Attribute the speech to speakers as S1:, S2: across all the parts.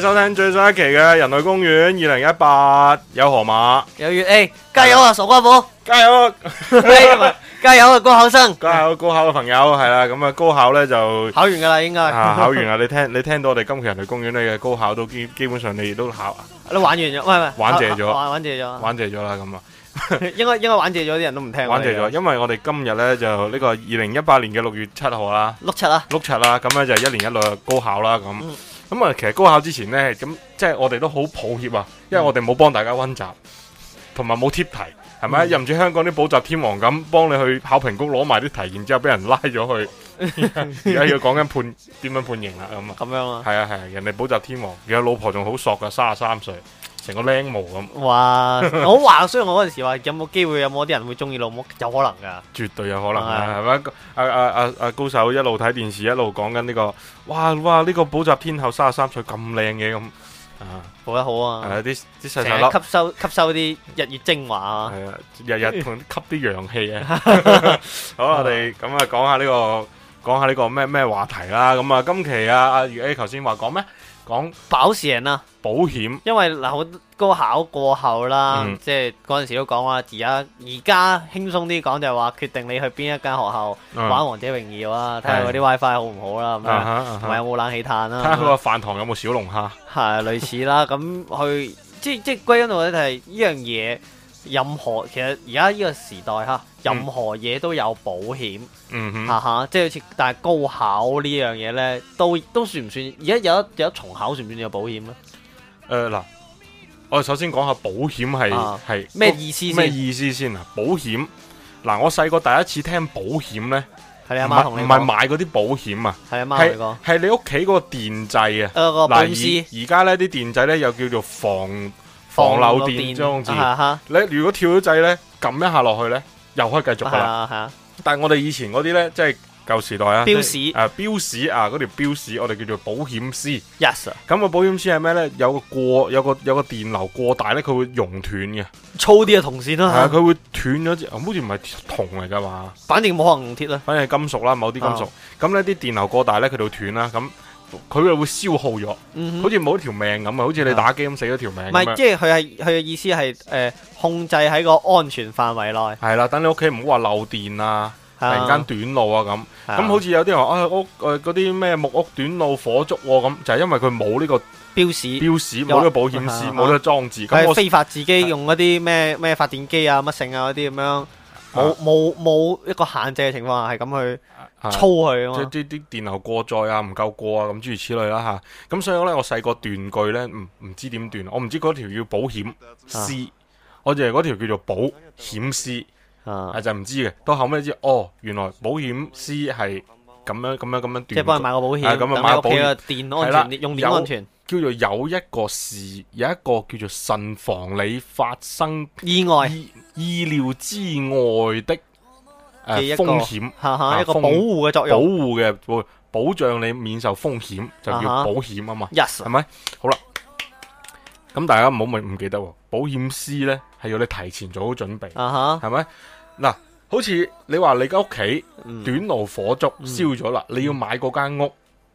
S1: 收聽最新一期嘅《人類公園》二零一八，有河馬，有月 A，加油啊，傻瓜寶，加油，加油啊，高考生，加油，高考嘅朋友係啦，咁啊，高考咧就考完噶啦，應該啊，考完啦，你聽，你聽到我哋今期《人類公園》咧嘅高考都基基本上你都考，都玩完咗，唔係唔係，玩謝咗，玩玩謝咗，玩謝咗啦，咁啊，應該應該玩謝咗啲人都唔聽，玩謝咗，因為我哋今日咧就呢個二零一八年嘅六月七號啦，碌柒啦，碌柒啦，咁咧就一年一六高考啦，咁。咁啊，其實高考之前呢，咁即係我哋都好抱歉啊，因為我哋冇幫大家溫習，同埋冇貼題，係咪？嗯、任住香港啲補習天王咁幫你去考評局攞埋啲題，然之後俾人拉咗去，而家要講緊判點 樣判刑啊？咁啊，啊，咁樣啊，係啊係啊，人哋補習天王，而家老婆仲好索噶，三十三歲。成個靚模咁，
S2: 哇！我話，所以我嗰陣時話，有冇機會，有冇啲人會中意老母？有可能噶，
S1: 絕對有可能啊！係咪？阿阿阿阿高手一路睇電視，一路講緊呢個，哇哇！呢個補習天后三十三歲咁靚嘅咁，啊，好得好啊！係啊，啲啲細細粒吸
S2: 收吸收啲日月精華
S1: 啊，係啊，日日同吸啲陽氣啊！好啦，我哋咁啊，講下呢個，講下呢個咩咩話題啦？咁啊，今期啊，阿如 A 頭先話講咩？講保人啊，保險，因為嗱，高考過後啦，嗯、即係嗰陣時都
S2: 講話，而家而家輕鬆啲講就係話，決定你去邊一間學校玩《王者榮耀》啊，睇、嗯、下嗰啲 WiFi 好唔好啦，同、啊、埋、啊、有冇冷氣嘆啦，睇下個飯
S1: 堂有冇小龍蝦，
S2: 係、啊、類似啦，咁 去，即即歸根到底就係呢樣嘢。任何其實而家呢個時代哈，任何嘢都有保險，吓、嗯、吓，即係好似但係高考這件事呢樣嘢咧，都都算唔算？而家有一有一重考算唔算有保
S1: 險咧？誒、呃、嗱，我首先講下保險係係咩意思先？咩意思先啊？保險嗱，我細個第一次聽保險咧，係阿媽同你講，唔係買啲保險啊，係阿媽同你講，係你屋企嗰個現在電掣啊，嗱而而家咧啲電掣咧又叫做防。防漏電裝置，你、啊啊、如果跳咗掣咧，撳一下落去咧，又可以繼續噶啦。但係我哋以前嗰啲咧，即係舊時代啊，標示。啊，標示啊，嗰、啊、條標示、呃、我哋叫做保險絲。Yes sir，咁個保險絲係咩咧？有個過，有個有個電流過大咧，佢會熔斷嘅。粗啲嘅銅線啦，係啊，佢會斷咗。好似唔係銅嚟噶嘛？反正冇可能用鐵啦，反正係金屬啦，某啲金屬。咁呢啲電流過大咧，佢就斷啦。咁。佢又會消耗咗、嗯，好似冇一條命咁啊！好似你打機咁死咗條命。唔係，即係
S2: 佢係佢嘅意思係誒、呃，控制喺個
S1: 安全範圍內係啦。等你屋企唔好話漏電啊，突然間短路啊咁。咁好似有啲人話啊、哎、屋誒嗰啲咩木屋短路火燭咁、啊，就係、是、因為佢冇呢個標示標示，冇呢個保險絲，冇呢個裝置咁。佢非
S2: 法自己用嗰啲咩咩發電機
S1: 啊乜剩啊嗰啲咁樣。冇
S2: 冇冇一個限制嘅情況下，係咁去
S1: 操佢啊，即係啲啲電流過載啊，唔夠過啊，咁諸如此類啦吓。咁、啊、所以咧，我細個斷句咧，唔唔知點斷。我唔知嗰條叫保險絲、啊，我就係嗰條叫做保險絲、啊啊，就唔、是、知嘅。到後尾知道哦，原來保險絲係咁樣咁樣咁樣斷。即係幫人買個保險，咁啊樣買個保險，等屋企嘅電安全，用電安全。叫做有一個事，有一個叫做慎防你發生意，意外、意意料之外的誒、呃、風險，吓、啊、一個保護嘅作用，保護嘅保，保障你免受風險，就叫保險啊嘛，Yes，係咪？Yes. 好啦，咁大家唔好唔記得，保險師咧，係要你提前做好準備，啊係咪？嗱，好似你話你間屋企短路火燭燒咗啦，你要買嗰間屋。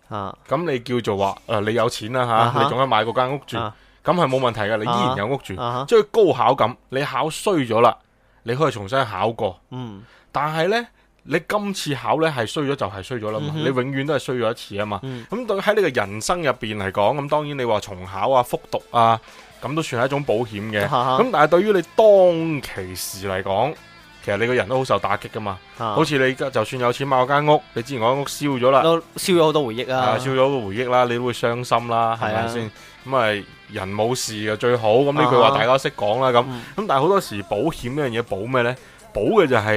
S1: 咁、啊、你叫做話誒，你有錢啦、啊、吓、啊，你仲係買嗰間屋住，咁係冇問題嘅，你依然有屋住。啊、即係高考咁，你考衰咗啦，你可以重新考過。嗯，但係呢，你今次考呢係衰咗就係衰咗啦嘛、嗯，你永遠都係衰咗一次啊嘛。咁、嗯、對喺你嘅人生入邊嚟講，咁當然你話重考啊、復讀啊，咁都算係一種保險嘅。咁、啊、但係對於你當其時嚟講，其實你個人都好受打擊噶嘛，啊、好似你就算有錢買間屋，你之前嗰間屋燒咗啦，燒咗好多回憶了啊，燒咗好多回憶啦，你都會傷心啦，係咪先？咁啊，人冇事就最好，咁呢句話大家識講啦，咁、啊、咁、嗯、但係好多時保險呢樣嘢保咩咧？保嘅就係、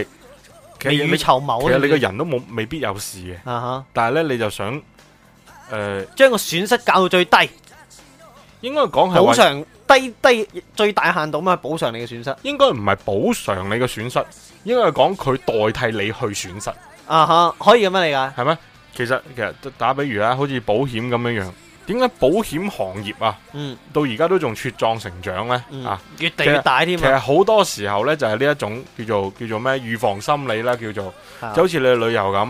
S1: 是、未雨綢繆，其實你個人都冇未必有事嘅、啊，但係咧你就想，誒、呃，將個損失搞到最低，應該講係。低低最大限度嘛，補償你嘅損失。應該唔係補償你嘅損失，應該係講佢代替你去損失。啊、uh -huh, 可以咁樣理解，係咩？其實其實打，打比如好似保險咁樣樣。點解保險行業啊，嗯、到而家都仲茁壯成長咧、嗯？啊，越大越大添。其實好多時候咧，就係呢一種叫做叫做咩預防心理啦，叫做、uh -huh. 就好似你去旅遊咁。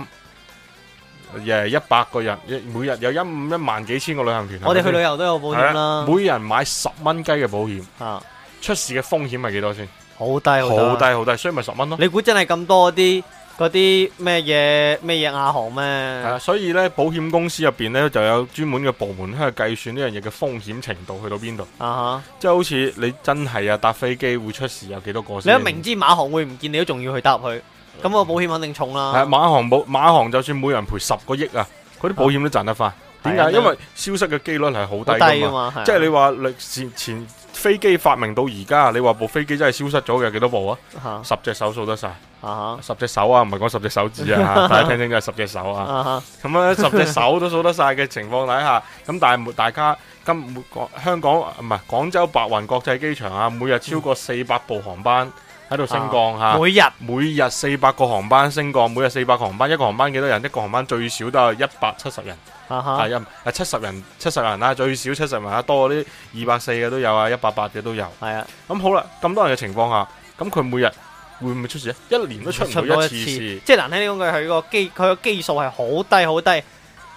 S1: 誒，一百個人，每日有一一萬幾千個旅行團，我哋去旅遊都
S2: 有保險啦。每
S1: 人買十蚊雞嘅保險，啊、出事嘅風險係幾多先？好低，好低，好低，好低，所以咪十蚊咯。你估真係咁多啲嗰啲咩嘢咩嘢亞航咩？係啊，所以咧，保險公司入邊咧就有專門嘅部門去計算呢樣嘢嘅風險程度去到邊度。啊哈，即係好似你真係啊搭飛機會出事有幾多個先？你明
S2: 知馬航會唔見你都仲要去搭去？咁、嗯那個保險肯定重啦。係啊，
S1: 馬航保馬航就算每人賠十個億啊，嗰啲保險都賺得快。點、啊、解、啊？因為消失嘅機率係好低啊嘛。即係你話前前飛機發明到而家，你話部飛機真係消失咗嘅幾多部啊，啊？十隻手數得晒、啊。十隻手啊，唔係講十隻手指啊， 大家聽清嘅係十隻手啊。咁、啊、樣十隻手都數得晒嘅情況底下，咁 但係大家今香港唔係廣州白雲國際機場啊，每日超過四百部航班。嗯喺度升降、啊、每日每日四百個航班升降，每日四百個航班，一個航班幾多人？一個航班最少都係一百七十人，係啊，七十人，七十人啊，最少七十人啊，多嗰啲二百四嘅都有啊，一百八嘅都有。係啊，那，咁好啦，咁多人嘅情況下，咁佢每日會唔會出事？一年都出唔到，到一次事，即係難聽啲講句，佢個基佢個基數係好低好低。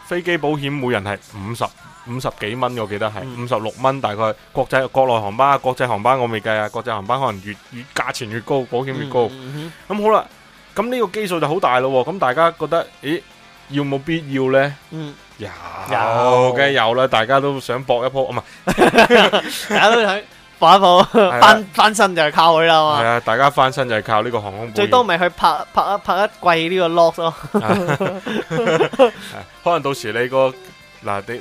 S1: 飛機保險每人係五十。五十幾蚊，我記得係五十六蚊，元大概國際國內航班、國際航班我未計啊，國際航班可能越越價錢越高，保險越高。咁、嗯嗯、好啦，咁呢個基數就好大咯。咁大家覺得，咦，要冇必要呢？嗯，有有嘅有啦，大家都想搏一鋪，唔係， 大
S2: 家都想搏一鋪，翻翻身就係靠佢啦嘛。係啊，
S1: 大家翻身就係靠呢個航空。最多咪
S2: 去拍拍一拍一季呢個 loss 咯。
S1: 可能到時你、那個嗱你。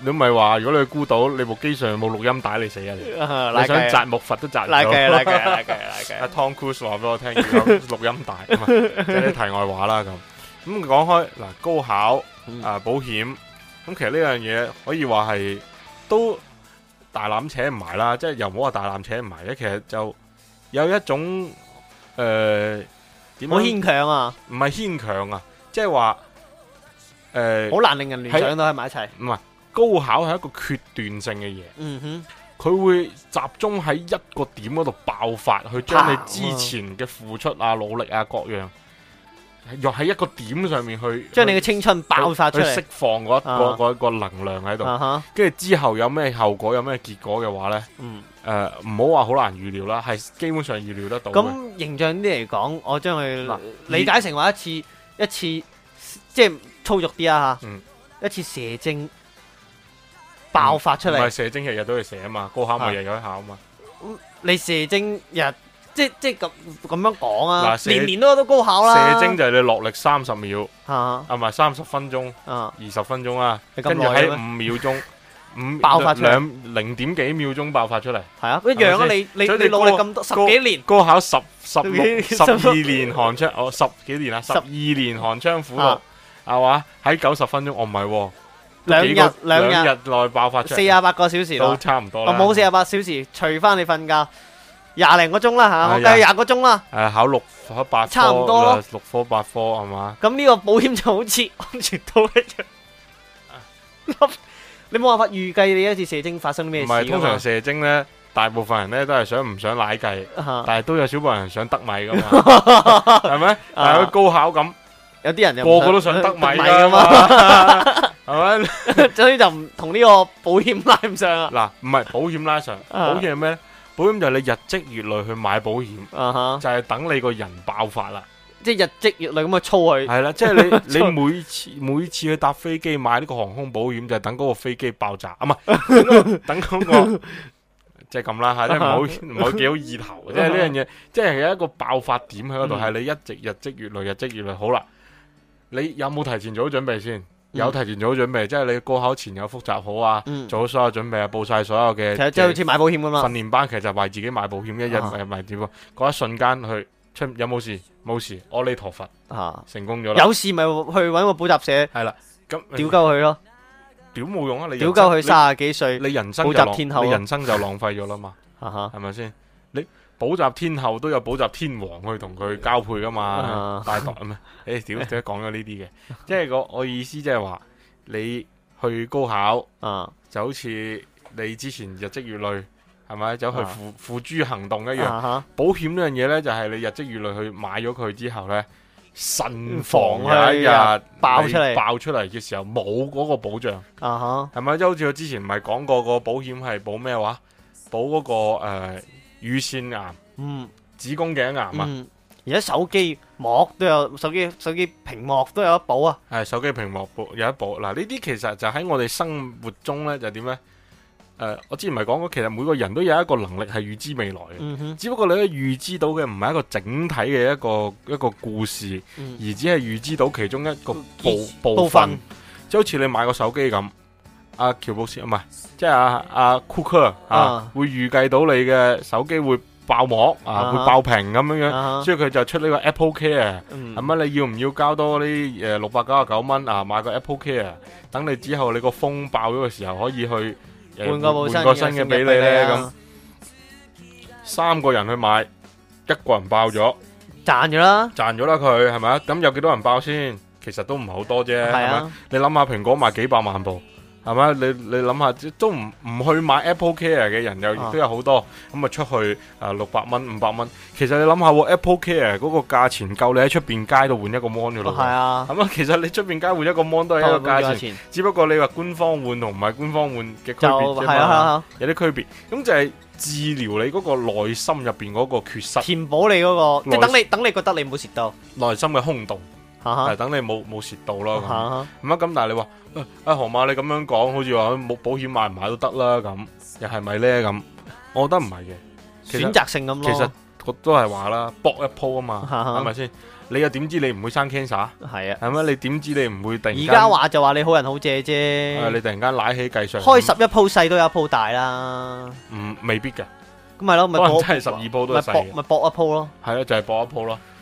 S1: 你唔係話，如果你去孤島，你部機上冇錄音帶你死啊！你想摘木筏都摘咗。拉計拉計拉計拉計。阿 Tom Cruise 話俾我聽錄音帶，即係啲題外話啦咁。咁講開嗱，高考啊保險咁，其實呢樣嘢可以話係都大纜扯唔埋啦，即係又唔好話大纜扯唔埋嘅。其實就有一種，誒點？好牽強啊！唔係牽強啊，即係話誒，好難令人聯想到喺埋一齊。唔係。高考係一個決斷性嘅嘢，嗯哼，佢會集中喺一個點嗰度爆發，去將你之前嘅付出啊、努力啊各樣，若喺一個點上面去，將你嘅青春爆發出嚟釋放嗰、那、一個、啊、一個能量喺度，跟、啊、住、啊、之後有咩後果，有咩結果嘅話呢？誒、嗯，唔好話好難預料啦，係基本上預料得到的。咁形象啲嚟講，我將佢理解成為一次一次，即係
S2: 粗俗啲啊吓，一次射精。爆發出嚟，射
S1: 精日日都要射啊嘛，高考咪日日都考啊嘛。
S2: 你射精日即即咁咁樣講啊，年年都都高考啦。射精
S1: 就係你落力三十秒，啊，係咪三十分鐘，啊，二十分鐘啊，跟住喺五秒鐘，五爆發兩零點幾秒鐘爆發出嚟，係啊，一樣啊你你你努力咁多十幾年，高考十十十二年寒窗，哦，十幾年啊，十二年寒窗苦讀係嘛，喺九十分鐘，我唔係。兩日兩日內爆發出，四十八個小時都差唔多了，冇四
S2: 十八小時，除翻你瞓覺廿零個鐘啦吓，大概廿個鐘啦。
S1: 誒、啊啊啊，考六科八科，差唔多六,六科八科係嘛？
S2: 咁呢個保險就好似安全都一樣。啊、 你冇辦法預計你一次射精發
S1: 生咩事？唔係通常射精咧，大部分人咧都係想唔想奶計、啊，但係都有少部分人想得米噶嘛，係、啊、咪？係好似高考咁。有啲人個個都想得米啊嘛，係、啊、咪？所 以就唔同呢個保險拉唔上啊？嗱，唔係保險拉上，保險係咩咧？保險就係你日積月累去買保險、啊，就係、是、等你個人爆發了啦，
S2: 即係日積月累咁啊粗去。係啦，即係你你每
S1: 次每次去搭飛機買呢個航空保險，就係、是、等嗰個飛機爆炸，唔、啊、嘛，啊、 等嗰、那個，即係咁啦吓，即係唔好唔好幾好意頭，即係呢樣嘢，即、就、係、是、有一個爆發點喺嗰度，係、嗯、你一直日積月累、日積月累，好啦。你有冇提前做好準備先、嗯？有提前做好準備，即係你過考前有復習好啊，嗯、做好所有準備啊，報晒所有嘅。即係好似買保險咁嘛？訓練班其實係為自己買保險，ah. 一日係咪點啊？嗰一瞬間去出有冇事？冇事，阿彌陀佛成功咗啦！有事
S2: 咪去搵個補
S1: 習社係啦，咁屌鳩佢咯，屌冇用啊！你屌鳩佢卅幾歲，你人生補習天后，你人生就浪費咗啦嘛，係咪先？Brittany collect ッ ク 你補習天后都有補習天王去同佢交配噶嘛？Uh -huh. 大讀啊咩？誒， 小姐點講咗呢啲嘅？即係個我意思就是說，即係話你去高考，啊、uh -huh.，就好似你之前日積月累係咪走去付、uh -huh. 付諸行動一樣。Uh -huh. 保險呢樣嘢呢，就係你日積月累去買咗佢之後呢，慎防有一日爆出嚟爆出嚟嘅時候冇嗰個保障啊！係、uh、咪 -huh.？即係好似我之前唔係講過、個保險係保咩話？保嗰、個誒。呃乳腺癌，嗯，子宮頸癌啊，而、嗯、家手機膜都有，手機手機屏幕都有一部啊，係手機屏幕部有一部，嗱呢啲其實就喺我哋生活中咧就點、是、咧，誒、呃，我之前咪講過，其實每個人都有一個能力係預知未來嘅，嗯只不過你咧預知到嘅唔係一個整體嘅一個一個故事，嗯、而只係預知到其中一個部部,部分，即係好似你買個手機咁。阿、啊、喬布斯，唔、啊、係，即係阿阿 Cook 啊，會預計到你嘅手機會爆膜啊，啊，會爆屏咁樣樣，所以佢就出呢個 Apple Care，係、嗯、咪你要唔要交多啲？誒，六百九十九蚊啊，買個 Apple Care，等你之後你個風爆咗嘅時候可以去換、啊、個，個新嘅俾你咧。咁、啊、三個人去買，一個人爆咗，賺咗啦，賺咗啦，佢係咪啊？咁有幾多人爆先？其實都唔係好多啫，係、啊、你諗下蘋果賣幾百萬部。係嘛？你你諗下，都唔唔去買 Apple Care 嘅人又都有好多咁啊！出去啊，六百蚊、五百蚊。其實你諗下，Apple Care 嗰個價錢夠你喺出邊街度換一個 mon 嘅咯。係啊。咁啊是，其實你出邊街換一個 mon 都係一個價錢，錢，只不過你話官方換同唔係官方換嘅區別。係啊，是啊有些區別，有啲區別。咁就係治療你嗰個內心入邊嗰個缺失，填補你嗰、那個，即係等你等你覺得你冇蝕到，內心嘅空洞。係、啊、等你冇冇蝕到咯，唔好咁。但係你話，阿阿河馬你咁樣講，好似話冇保險買唔買都得啦咁，又係咪咧咁？我覺得唔係嘅，選擇性咁咯。其實都係話啦，搏一鋪啊嘛，係咪先？你又點知你唔會生 cancer？係啊，係咪？你點知你唔會突然間？而家話就話你好人好姐啫、啊。你突然間拉起計上？開十
S2: 一鋪細都有一鋪大、
S1: 嗯、啦。唔未必噶，
S2: 咁咪咯，咪真係十二鋪都係細，咪搏一鋪咯。
S1: 係咯，就係搏一鋪咯。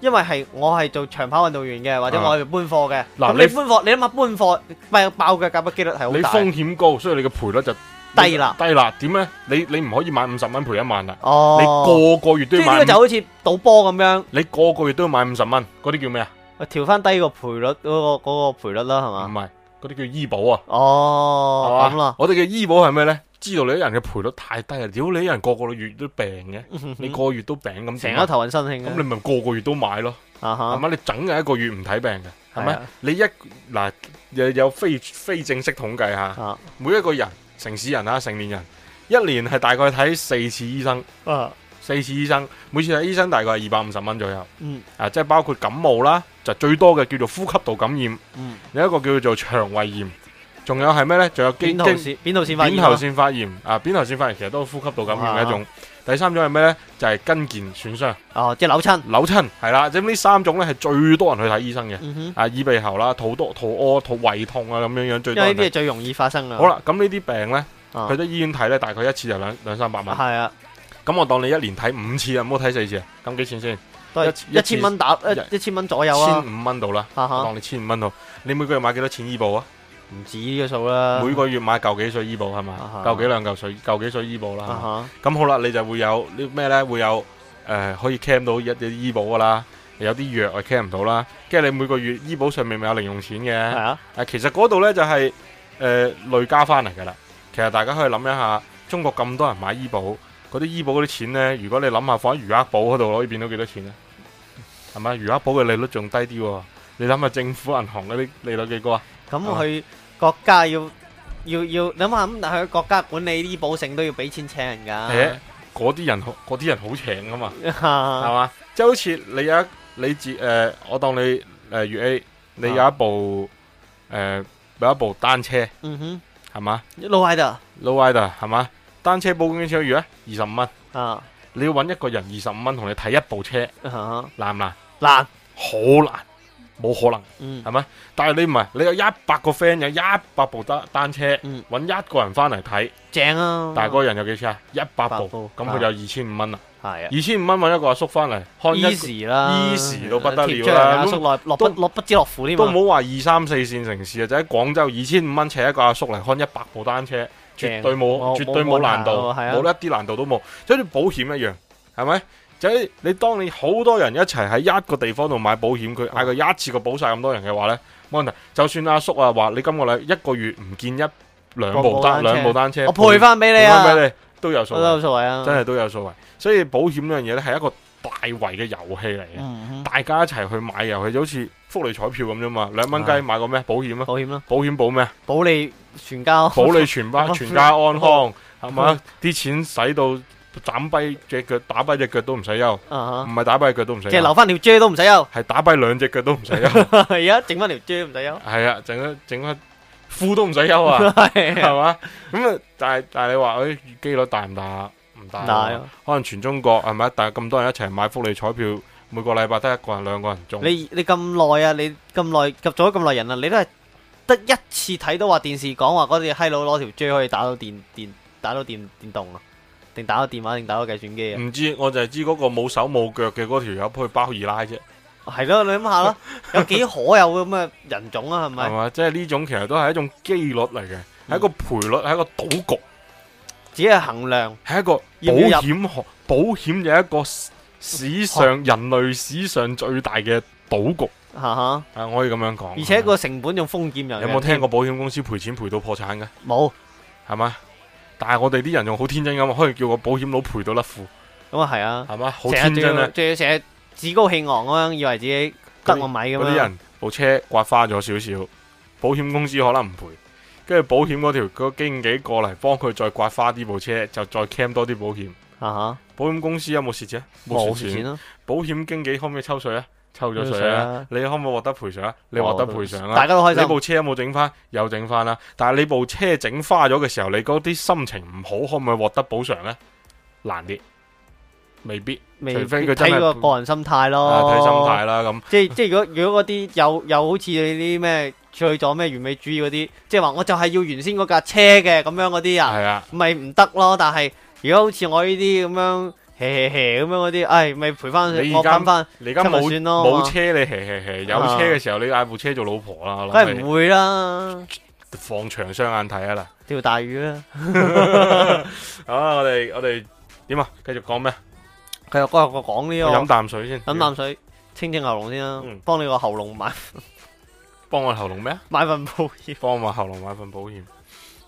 S2: 因為係我係做長跑運動員嘅，或者我係搬貨嘅。嗱、嗯，你搬貨，你諗
S1: 下搬貨爆嘅價格幾率係好大，你風險高，所以你嘅賠率就低啦。低啦，點咧？你你唔可以買五十蚊賠一萬啊，哦！你個個月都要買。即係就好似賭波咁樣。你個個月都要買五十蚊，嗰啲叫咩啊？調翻低個賠率，嗰、嗰個、嗰個賠率啦，係嘛？唔係，嗰啲叫醫保啊。哦，咁啦。我哋嘅醫保係咩咧？知道你啲人嘅賠率太低啊！屌你啲人個個月都病嘅， 你個月都病咁，成日頭暈身㷫，咁你咪個個月都買咯，係咪？uh-huh. 你整人一個月唔睇病嘅，係咪？uh-huh. 你一嗱有有非非正式統計吓，uh-huh. 每一個人城市人啊成年人，一年係大概睇四次醫生，啊，uh-huh. 四次醫生，每次睇醫生大概係二百五十蚊左右，uh-huh. 啊，即係包括感冒啦，就最多嘅叫做呼吸道感染，uh-huh. 有一個叫做腸胃炎。仲有係咩咧？仲有扁桃腺、扁桃腺發炎，扁桃腺發炎啊！扁桃腺發炎其實都係呼吸道感染嘅一種。Uh -huh. 第三種係咩咧？就係筋腱損傷。哦、uh -huh.，即係扭親。扭親係啦，即係呢三種咧係最多人去睇醫生嘅。Uh -huh. 啊，耳鼻喉啦，肚多肚屙、肚胃痛啊，咁樣樣最多。因為呢啲係最容易發生噶。好啦，咁呢啲病咧，去、uh、咗 -huh. 醫院睇咧，大概一次就兩兩三百萬。係啊。咁我當你一年睇五次啊，唔好睇四次啊，咁幾錢先、啊？一一,一千蚊打，一,一千蚊左右、啊、千五蚊到啦，uh -huh. 當你千五蚊到。你每個月買幾多錢醫保啊？唔止嘅數啦，每個月買舊幾歲醫保係嘛，舊、uh -huh. 幾兩舊水？舊幾歲醫保啦，咁、uh -huh. 好啦，你就會有啲咩呢？會有誒、呃、可以 cam 到一啲醫保噶啦，有啲藥係 cam 唔到啦，跟住你每個月醫保上面咪有零用錢嘅，啊、uh -huh.，其實嗰度呢就係、是、誒、呃、累加翻嚟噶啦，其實大家可以諗一下，中國咁多人買醫保，嗰啲醫保嗰啲錢呢，如果你諗下放喺餘額寶嗰度，可以變到幾多錢呢？係咪餘額寶嘅利率仲低啲、啊？你諗下政府銀行嗰啲利率幾高啊？咁佢。國家要要要諗下，咁但係國家管理啲保城
S2: 都要俾錢請人噶、啊。誒、欸，
S1: 嗰啲人，嗰啲人好請噶嘛？係 嘛？即係好似你有一，你自誒、呃，我當你誒粵、呃、A，你有一部誒、 呃、有一部單車，嗯哼，係嘛？Low rider，low rider 係嘛？單車保險幾錢個月呢？二十五蚊啊！ 你要搵一個人二十五蚊同你睇一部車 難唔難？難，好難。冇可能，係、嗯、咪？但係你唔係，你有一百個 friend，有一百部單單車，揾、嗯、一個人翻嚟睇，正啊！但係個人有幾錢啊？一百部，咁佢有二千五蚊啊！係啊，二千五蚊揾一個阿叔翻嚟看一時啦，一時都不得了，了啊！落落不落，不落不知落苦啲、啊，都唔好話二三四綫城市啊！就喺、是、廣州，二千五蚊請一個阿叔嚟看一百部單車，絕對冇，絕對冇、哦、難度，冇、啊啊、一啲難度都冇，就好似保險一樣，係咪？.就係、你當你好多人一齊喺一個地方度買保險，佢嗌佢一次過保晒咁多人嘅話呢？冇問題。就算阿叔啊話你今個禮一個月唔見一兩部單兩部單車，我賠翻俾你啊，賠翻俾你都有數，都有數啊，真係都有數、啊。所以保險呢樣嘢呢係一個大圍嘅遊戲嚟嘅，大家一齊去買遊戲就好似福利彩票咁啫嘛，兩蚊雞買個咩保險啊？保險啦、啊，保險保咩？保你全家，保你全家、啊、你全，全家安康係嘛？啲 不是 錢使到。斬跛隻腳打跛隻腳都唔使憂，唔係打跛腳都唔使。即係留翻
S2: 條 J 都唔使憂，
S1: 係打跛兩隻腳都唔使憂。係啊，整翻條 J 都唔使憂。係啊，整翻整翻褲都唔使憂啊，係嘛？咁啊，但係但係你話，誒，機率大唔大？唔大。大可能全中國係咪啊？但係咁多人一齊買福利彩票，每個禮拜得一個人兩個人中。你你咁耐啊？你
S2: 咁耐及咗咁耐人啊？你都係得一次睇到，話電視講話嗰隻嗨佬攞條 J 可以打到電電打到電電動啊！定打個電話，定打個計算機啊？唔知，
S1: 我就係知嗰個冇手冇腳嘅嗰條友去包二奶啫。係咯，你諗下咯，有幾可有咁嘅人種啊？係咪？係嘛，即係呢種其實都係一種機率嚟嘅，係、嗯、一個賠率，係一個賭局，只係衡量。係一個保險，保險就係一個史上人類史上最大嘅賭局。吓、啊、吓，係、啊、可以咁樣講。而且
S2: 個成本仲風險
S1: 又。有冇聽過保險公司賠錢賠到破產嘅？冇，係嘛？但係我哋啲人仲好天真咁啊，可以叫個保險佬賠到甩
S2: 褲。咁啊係啊，係嘛，好天真咧，仲要成日趾
S1: 高氣昂咁樣，以為自己得我米咁啊。嗰啲人部車刮花咗少少，保險公司可能唔賠，跟住保險嗰條個經紀過嚟幫佢再刮花啲部車，就再 cam 多啲保險。啊、uh -huh. 保險公司有冇蝕錢？冇蝕錢、啊、保險經紀可唔可以抽水啊？抽咗水啦、啊啊，你可唔可以獲得賠償、啊哦？你獲得賠償啊！大家都開心。你部車有冇整翻？有整翻啦。但係你部車整花咗嘅時候，你嗰啲心情唔好，可唔可以獲得補償呢？難啲，未必。除非佢睇個個人心態咯，
S2: 睇、啊、心態啦。咁、哦、即係即係如果如果嗰啲有有好似你啲咩除咗咩完美主義嗰啲，即係話我就係要原先嗰架車嘅咁樣嗰啲啊，係啊，咪唔得咯。但係如果好似我呢啲咁樣。嘿嘿嘿，咁樣嗰啲，唉，咪賠翻，我翻翻，你而家冇算咯，冇車
S1: 你，嘿嘿嘿，有車嘅時候你嗌部車做老婆啦，梗係唔會啦，放長雙眼睇下啦，釣大魚啦， 好啦，我哋我哋點啊，繼續講咩？繼續個個講呢個，飲啖水先，飲啖水，清清喉嚨先啦，幫、嗯、你個喉嚨買，幫我喉嚨咩啊？買份保險，幫我喉嚨買份保險，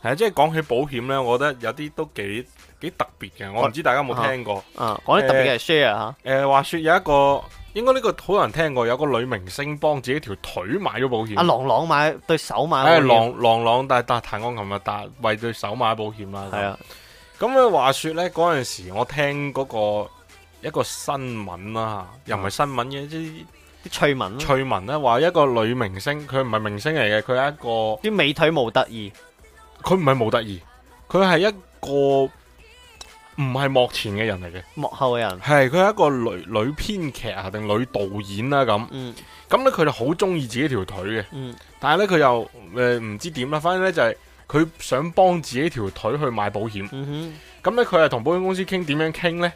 S1: 係啊，即係講起保險咧，我覺得有啲都幾。幾特別嘅，我唔知大家有冇聽過。啊，講、啊、啲特別嘅 share 吓。誒、呃呃，話說有一個，應該呢個好多人聽過，有個女明星幫自己條腿買咗保險。阿郎
S2: 朗買對手
S1: 買保險，誒、哎，郎郎朗但係彈鋼琴啊，但係為對手買保險啦。係啊，咁啊，那話說咧嗰陣時，我聽嗰、那個一個新聞啦，又唔係新聞嘅、嗯，即係啲趣聞。趣聞咧，話一個女明星，佢唔係明星嚟嘅，佢係一個啲美腿模特兒。佢唔係模特兒，佢係一個。唔係幕前嘅人嚟嘅，幕後嘅人係佢係一個女女編劇啊，定女導演啦、啊、咁。咁咧佢就好中意自己條腿嘅，嗯，但係咧佢又誒唔、呃、知點啦，反正咧就係佢想幫自己條腿去買保險。咁咧佢係同保險公司傾點樣傾咧？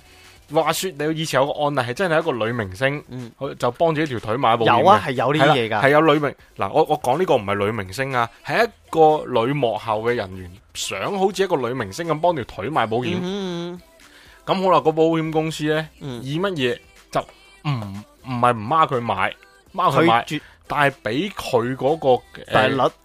S1: 話說你以前有個案例係真係一個女明星，佢就幫住一條腿買保險。有啊，係有呢啲嘢噶，係有女明嗱。我我講呢個唔係女明星啊，係一個女幕後嘅人員，想好似一個女明星咁幫條腿買保險。咁好啦，個保險公司咧，以乜嘢就唔唔係唔孖佢買，孖佢買，但係俾佢嗰個大率，呃，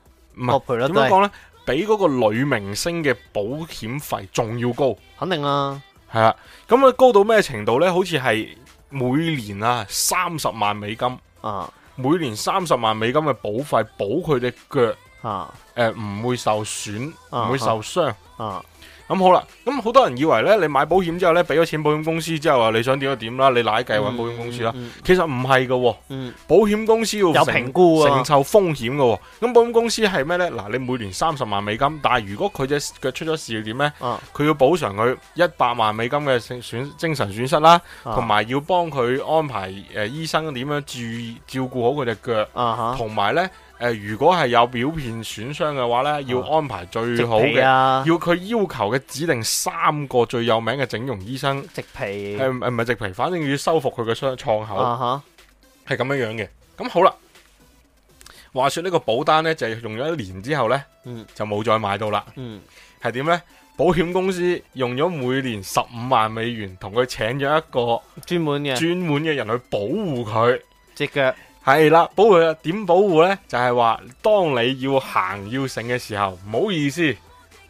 S1: 賠率點講咧，俾嗰個女明星嘅保險費仲要高，肯定啦。係啦，咁啊高到咩程度呢？好似係每年啊三十萬美金啊，每年三十萬美金嘅保費，保佢隻腳啊，誒、呃、唔會受損，唔、啊、會受傷啊。啊咁好啦，咁好多人以為呢，你買保險之後呢，俾咗錢保險公司之後啊，你想點就點啦，你奶計搵保險公司啦、嗯嗯嗯，其實唔係噶，保險公司要有評估、啊、承湊風險噶、哦。咁保險公司係咩咧？嗱，你每年三十萬美金，但係如果佢隻腳出咗事要點呢佢、啊、要補償佢一百萬美金嘅損精神損失啦，同、啊、埋要幫佢安排誒、呃、醫生點樣注意照顧好佢隻腳，同、啊、埋呢誒、呃，如果係有表皮損傷嘅話呢、啊、要安排最好嘅、啊，要佢要求嘅指定三個最有名嘅整容醫生。植皮係唔係直植皮，反正要修復佢嘅傷創口。係、啊、咁樣樣嘅。咁好啦，話說呢個保單呢，就係、用咗一年之後咧、嗯，就冇再買到啦。係、嗯、點呢？保險公司用咗每年十五萬美元，同佢請咗一個專門嘅專門嘅人去保護佢隻腳。係啦，保護啊？點保護呢？就係話，當你要行要醒嘅時候，唔好意思，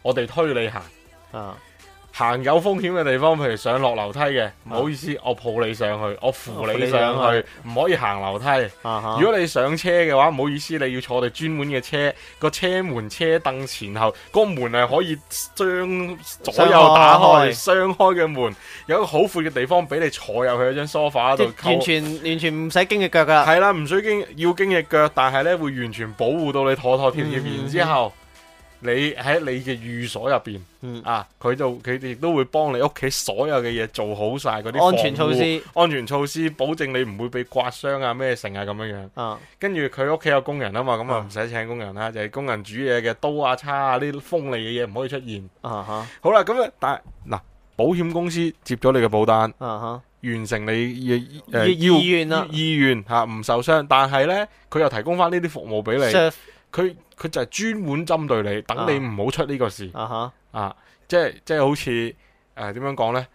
S1: 我哋推你行啊。行有風險嘅地方，譬如上落樓梯嘅，唔好意思、啊，我抱你上去，我扶你上去，唔可以行樓梯、啊啊。如果你上車嘅話，唔好意思，你要坐你專門嘅車，個車門、車凳前後、個門係可以將左右打開、雙開嘅門，有一個好闊嘅地方俾你坐入去一張梳化喺度，完全完全唔使驚嘅腳㗎。係啦，唔使驚，要驚嘅腳，但係呢會完全保護到你妥妥貼貼，嗯、然之後。嗯你喺你嘅寓所入邊、嗯、啊，佢就佢哋都會幫你屋企所有嘅嘢做好晒嗰啲安全措施，安全措施保證你唔會被刮傷啊咩成啊咁樣樣。啊，跟住佢屋企有工人啊嘛，咁啊唔使請工人啦，就係、是、工人煮嘢嘅刀啊叉啊呢啲鋒利嘅嘢唔可以出現。啊哈，好啦，咁啊，但係嗱，保險公司接咗你嘅保單，啊哈，完成你嘅意意願啦，意願吓唔受傷，但係咧佢又提供翻呢啲服務俾你，佢。佢就係專門針對你，等你唔好出呢個事、uh -huh. 啊！即係即係好似誒點樣講呢？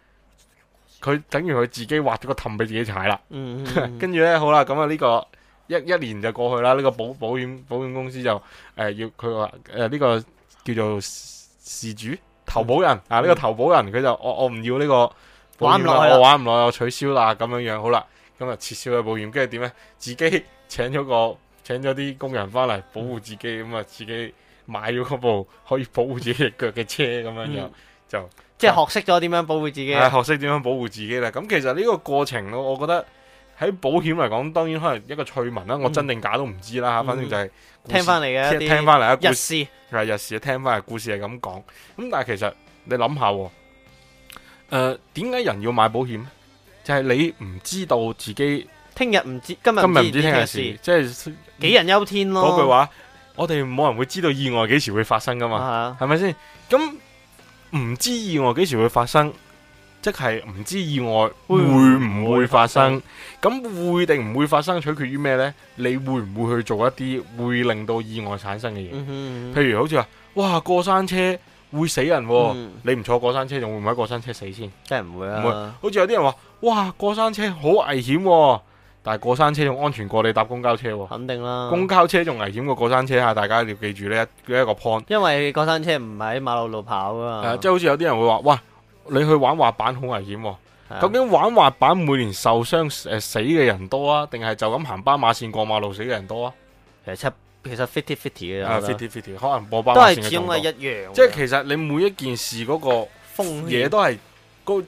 S1: 佢等於佢自己挖咗個氹俾自己踩啦。Mm -hmm. 跟住呢，好啦，咁啊呢個一一年就過去啦。呢、呢個保保險保險公司就誒、呃、要佢話誒呢個叫做事主投保人、mm -hmm. 啊，呢、呢個投保人佢就，我我唔要呢個保險，玩唔落，我玩唔落，我取消啦咁樣樣。好啦，咁啊撤銷咗保險，跟住點呢？自己請咗個。請咗啲工人翻嚟，保護自己，咁、嗯、啊自己買咗部可以保護自己隻腳嘅車，咁、嗯、樣就就即係學識咗點樣保護自己，學識點樣保護自己啦。咁其實呢個過程，我我覺得喺保險嚟講，當然可能一個趣聞啦、嗯，我真定假都唔知啦，反正就係聽翻嚟嘅，聽翻嚟一故事，係、嗯、日事聽翻嚟故事係咁講。咁但係其實你諗下、啊、誒、呃，點解人要買保險？就係、是、你唔知道自己。聽日唔知今日唔知聽日知事，即係杞人憂天咯。嗰句話，我哋冇人會知道意外幾時會發生噶嘛？係咪先？咁唔知意外幾時會發生，即係唔知意外會唔會發生？咁、嗯、會定唔會，會，會，會發生？取決於咩呢？你會唔會去做一啲會令到意外產生嘅嘢、嗯嗯？
S3: 譬如好
S1: 似話，哇過山車會死人、啊嗯，你唔坐過山車，仲會唔會過山車死先？梗係唔會啦、啊。好似有啲人話，哇過山車好危險、啊。但係過山車仲安全過你搭公交車喎，肯定啦。公交車仲危險過過山車吓，大家要記住呢一個 point。因為過山車唔喺馬路度跑，啊，即係、就是、好似有啲人會話，喂，你去玩滑板好危險、啊啊。究竟，玩滑板每年受傷誒、呃、死嘅人多啊，定係就咁行斑馬線過馬路死嘅人多啊？其實其實 fifty fifty 嘅。fifty fifty 可能波斑都係只因為一樣、啊。即係其實你每一件事嗰個嘢都係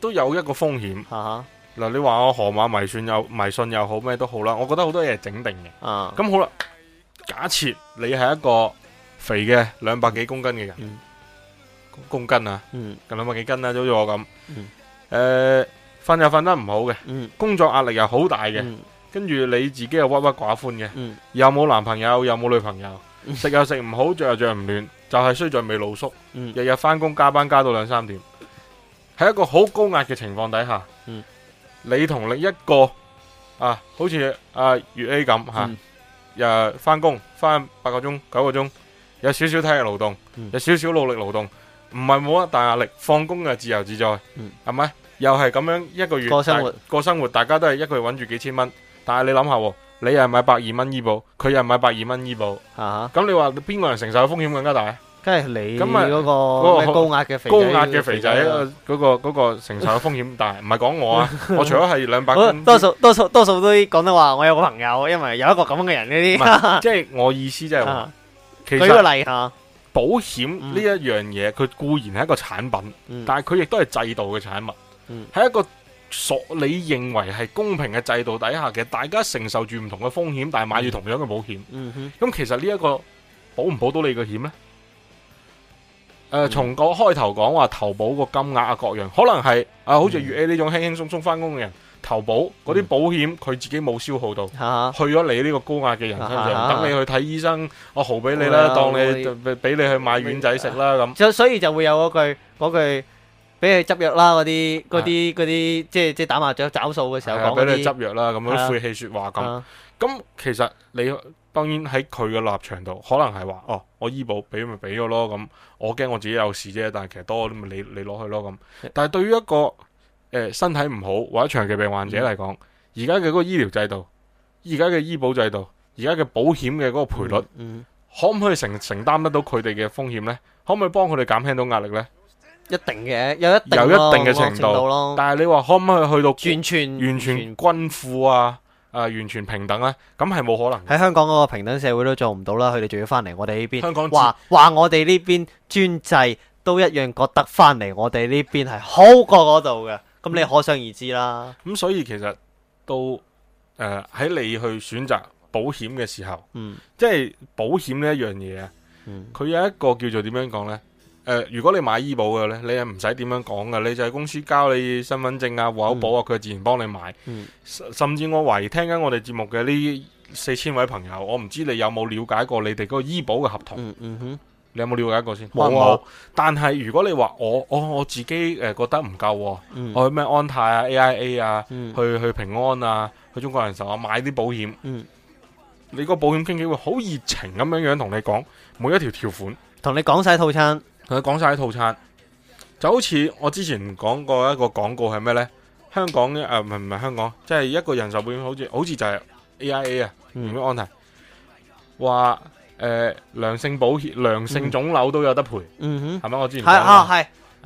S1: 都有一個風險。啊嗱，你話我河馬迷信又迷信又好咩都好啦，我覺得好多嘢係整定嘅。咁、啊、好啦，假設你係一個肥嘅兩百幾公斤嘅人，嗯、公斤啊，咁兩百幾斤啦、啊，就嗯呃、睡睡得好似我
S3: 咁。
S1: 誒，瞓又瞓得唔好嘅，工作壓力又好大嘅，跟、嗯、住你自己又鬱鬱寡歡嘅，又、嗯、冇男朋友又冇女朋友，食、嗯、又食唔好，着又着唔暖，就係衰在未露宿，日日翻工加班加到兩三點，喺一個好高壓嘅情況底下。你同另一個啊，好似阿、啊、月 A 咁吓，又翻工，翻八個鐘九個鐘，有少少體力勞動，嗯、有少少努力勞動，唔係冇乜大壓力。放工嘅自由自在，係、嗯、咪？又係咁樣一個月過生活過生活，大，活大家都係一個月揾住幾千蚊。但係你諗下，你又係買百二蚊醫保，佢又買百二蚊醫保，咁、啊、你話邊個人承受嘅風險更加大？梗係你嗰個高壓嘅肥高壓嘅肥仔，嗰個個承受嘅風險大，唔係講我啊， 我除咗係兩百斤，多數多數多數都講得話，我有個朋友，因為有一個咁嘅人呢啲。即 係、就係、我意思即係話，舉個例吓，保險呢一樣嘢，佢、嗯、固然係一個產品，嗯、但係佢亦都係制度嘅產物，係、嗯嗯、一個所你認為係公平嘅制度底下嘅，其實大家承受住唔同嘅風險，但係買住同樣嘅保險，
S3: 咁、
S1: 嗯嗯、其實呢、這、一個保唔保到你個險呢？誒、呃，從個開頭講話投保個金額啊，各樣可能係啊，好似月 A 呢種輕輕鬆鬆翻工嘅人，投、嗯、保嗰啲保險佢自己冇消耗到，啊、去咗你呢個高額嘅人身上、啊啊，等你去睇醫生，我豪俾你啦、啊，當你俾、啊、你去買丸仔食啦咁。所以就會有嗰句嗰
S2: 句，俾你執藥啦嗰啲啲啲，即係即係打麻雀找數嘅時候講。俾、啊、你執藥啦，咁樣、啊、晦氣說話咁。咁、
S1: 啊、其實你。當然喺佢嘅立場度，可能係話哦，我醫保俾咪俾咗咯咁，我驚我自己有事啫，但係其實多咗咪你你攞去咯咁。但係對於一個誒、呃、身體唔好或者長期病患者嚟講，而家嘅嗰個醫療制度，而家嘅醫保制度，而家嘅保險嘅個賠率，嗯嗯、可唔可以承承擔得到佢哋嘅風險呢？可唔可以幫佢哋減輕到壓力呢？一定嘅，
S2: 有一定的有一定嘅程度，那個、
S1: 程度的但係你話可唔可以去到完全完全均富啊？呃、完全平等咧，咁係冇可能，喺香港嗰個平等社會都做唔到啦。佢哋仲要翻嚟我哋呢邊，
S2: 話話我哋呢邊專制，都一樣覺得翻嚟我哋呢邊係
S1: 好過嗰度嘅。咁你可想而知啦。咁、嗯、所以其實都誒，喺你去選擇保險嘅時候，嗯，即係保險呢一樣嘢啊，佢、嗯、有一個叫做點樣講呢？誒、呃，如果你買醫保嘅咧，你係唔使點樣講噶，你就係公司交你身份證啊、戶口簿啊，佢、嗯、自然幫你買、嗯。甚至我懷疑聽緊我哋節目嘅呢四千位朋友，我唔知你有冇了解過你哋嗰個醫保嘅合同。嗯嗯、你有冇了解過先？冇、嗯、但係如果你話我，我我自己誒覺得唔夠，嗯、我去咩安泰啊、AIA 啊，嗯、去去平安啊，去中國人壽啊，買啲保險、嗯。你個保險經紀會好熱情咁樣樣同你講每一條條款，同你講晒套餐。佢講晒啲套餐，就好似我之前講過一個廣告係咩呢？香港誒，唔係唔係香港，即係一個人壽保險，好似好似就係 AIA 啊，唔該安提，話誒良性保險，良性腫瘤都有得賠，係咪？我之前係啊係，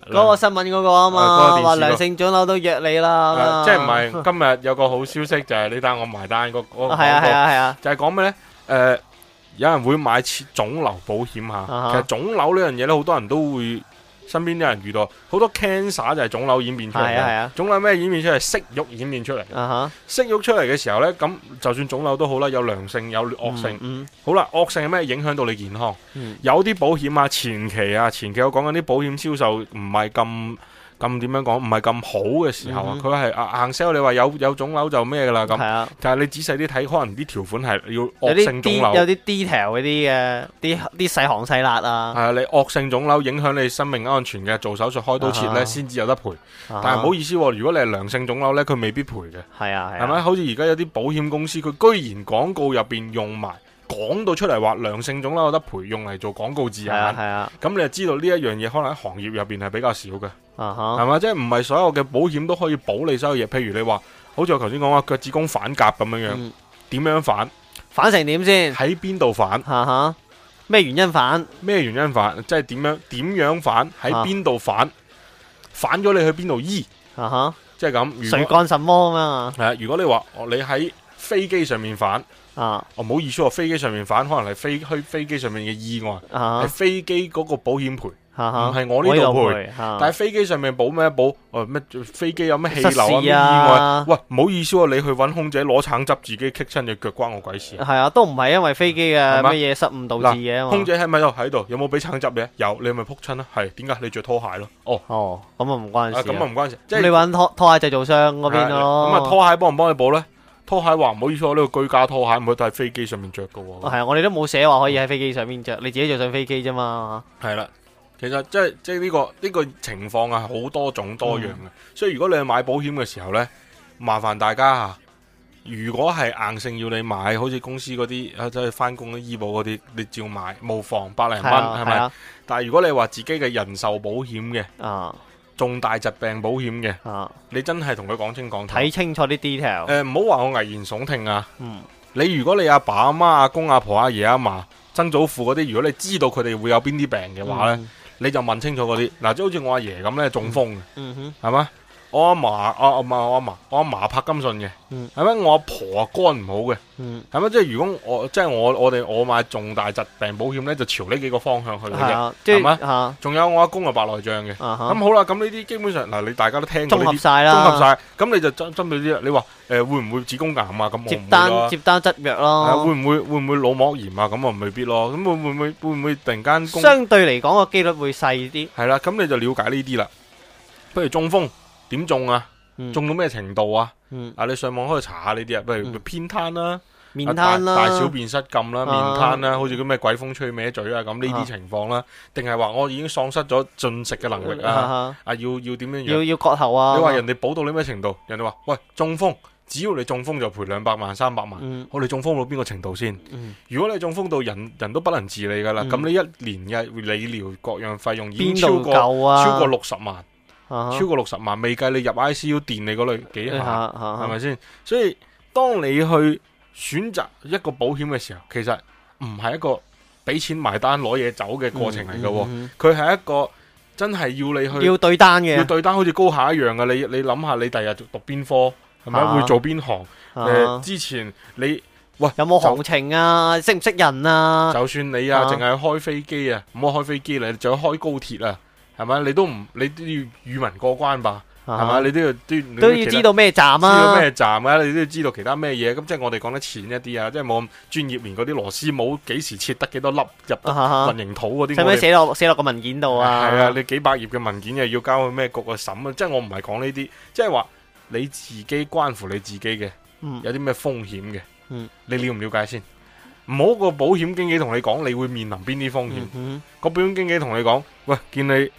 S1: 嗰個
S2: 新聞嗰個啊嘛，話良性腫瘤都約你啦，即係唔係
S1: 今日有個好消息就係你帶我埋單嗰嗰個，係啊係啊係啊，就係講咩呢？誒。有人會買切腫瘤保險下、uh -huh. 其實腫瘤呢樣嘢咧，好多人都會身邊啲人遇到，好多 cancer 就係腫瘤演變出嚟、uh -huh.，腫瘤咩演變出嚟？息肉演變出嚟，息肉出嚟嘅時候咧，咁就算腫瘤都好啦，有良性有惡性，uh -huh. 好啦，惡性係咩影響到你健康？Uh -huh. 有啲保險啊，前期啊，前期我講緊啲保險銷售唔係咁。咁點樣講？唔係咁好嘅時候啊，佢係硬 sell 你話有有腫瘤就咩㗎啦咁。啊，啊但係你仔細啲睇，可能啲條款係要惡性腫瘤。有啲 detail 嗰啲嘅，啲啲細行細辣啊。係啊，你惡性腫瘤影響你生命安全嘅，做手術開刀切咧先至有得賠。啊、但係唔好意思、啊，如果你係良性腫瘤咧，佢未必賠嘅。係啊係。係咪、啊、好似而家有啲保險公司，佢居然廣告入邊用埋。講到出嚟話良性腫瘤，我覺得培用嚟做廣告字啊，係啊，係啊。咁你就知道呢一樣嘢可能喺行業入邊係比較少嘅，係、uh、嘛 -huh.？即係唔係所有嘅保險都可以保你所有嘢？譬如你話，好似我頭先講話腳趾公反甲咁樣樣，點、嗯、樣反？反成點先？喺邊度反？吓吓，咩原因反？咩原因反？即係點樣？點樣反？喺邊度反？Uh -huh. 反咗你去邊度醫？吓、uh、吓 -huh.，即係咁。誰幹什麼啊？係啊，如果你話你喺飛機上面反？啊！我、哦、唔好意思喎，飛機上面反可能係飛飛飛機上面嘅意外，係、啊、飛機嗰個保險賠，唔、啊、係、啊、我呢度賠。但係飛機上面保咩？保咩、呃？飛機有咩氣流、啊、意外？喂，唔好意思喎、啊，你去搵空姐攞橙汁，自己棘親隻腳，關我鬼事、
S2: 啊？係啊，都唔係因為飛機嘅乜嘢失誤導致嘅。空
S1: 姐喺咪度？喺度？有冇俾橙汁嘅？有，你咪扑親啦。係點解？你着拖鞋咯。哦哦，咁啊唔、啊、關事。咁啊唔關事，即、就、係、是、
S2: 你搵拖拖鞋製造商嗰邊咯。咁啊拖
S1: 鞋幫唔幫你保咧？拖鞋話唔好意思，我呢個居家拖鞋唔可以喺飛機上面着噶。係、哦、啊，我哋都冇寫話可以喺飛機上面着、嗯，你自己着上飛機啫嘛。係啦、啊，其實即係即係、呢、呢個呢、呢個情況啊，好多種多樣嘅、嗯。所以如果你去買保險嘅時候呢，麻煩大家吓，如果係硬性要你買，好似公司嗰啲即係翻工嘅啲醫保嗰啲，你照買冇妨，百零蚊係咪？但係如果你話自己嘅人壽保險嘅啊。重大疾病保險嘅、啊，你真係同佢講清講楚，睇清楚啲 detail。誒，唔好話我危言聳聽啊、嗯！你如果你阿爸阿媽阿公阿婆阿爺阿嫲曾祖父嗰啲，如果你知道佢哋會有邊啲病嘅話呢、嗯，你就問清楚嗰啲。嗱、啊，即好似我阿爺咁呢，中風嘅，係、嗯、嗎？我阿嫲，阿阿嫲，我阿嫲，我阿嫲柏金遜嘅，係咪？我阿婆啊肝唔好嘅，係、嗯、咪？即係如果我即係我我哋我買重大疾病保險咧，就朝呢幾個方向去嘅，係嘛、啊？仲、啊、有我阿公啊白內障嘅，咁好啦。咁呢啲基本上嗱，你大家都聽過呢啲，綜合晒啦，綜合晒。咁你就針針對啲，你話誒、呃、會唔會子宮癌啊？咁、啊、接單接單執藥咯，會唔會會唔會腦膜炎啊？咁啊未必咯、啊。咁會會會會唔會，會突然間相對嚟講個幾率會細啲？係啦、啊，咁你就了解呢啲啦，不如中風。點中啊？嗯、中到咩程度啊、嗯？啊！你上網可以查下呢啲、嗯、啊，譬如偏癱啦、面癱啦、大小便失禁啦、啊啊、面癱啦、啊，好似叫咩鬼風吹歪嘴啊咁呢啲情況啦、啊，定係話我已經喪失咗進食嘅能力啊？啊，啊啊要要點樣？要要割喉啊？你話人哋保到你咩程度？嗯、人哋話喂，中風只要你中風就賠兩百萬、三百萬。我、嗯、哋中風到邊個程度先、嗯？如果你中風到人人都不能自理噶啦，咁、嗯、你一年嘅理療各樣費用已經超過、啊、超過六十萬。超過六十萬，未計你入 I C U 電你嗰類幾吓係咪先？所以當你去選擇一個保險嘅時候，其實唔係一個俾錢埋單攞嘢走嘅過程嚟嘅、哦，佢、嗯、係一個真係要你去要對單嘅，要對單,對單好似高考一樣嘅。你你諗下，你第日讀邊科係咪、啊、會做邊行？誒、啊，之前你
S2: 喂有冇行情啊？識唔識人啊？
S1: 就算你啊，淨、啊、係開飛機啊，唔好開飛機啦，你仲要開高鐵啊！係咪？你都唔，你都要語文過關吧？係、uh、嘛 -huh.？你都要都要、uh -huh. 都,要都要知道咩站啊？知道咩站啊？你都要知道其他咩嘢？咁即係我哋講得淺一啲啊！即係冇咁專業，連嗰啲螺絲帽幾時切得幾多粒入混凝土嗰啲，使唔使寫落寫落個文件度啊？係啊，你幾百頁嘅文件又要交去咩局個審啊？即、就、係、是、我唔係講呢啲，即係話你自己關乎你自己嘅、嗯，有啲咩風險嘅、嗯，你了唔了解先？唔好個保險經紀同你講你會面臨邊啲風險，uh -huh. 那個保險經紀同你講，喂，見你。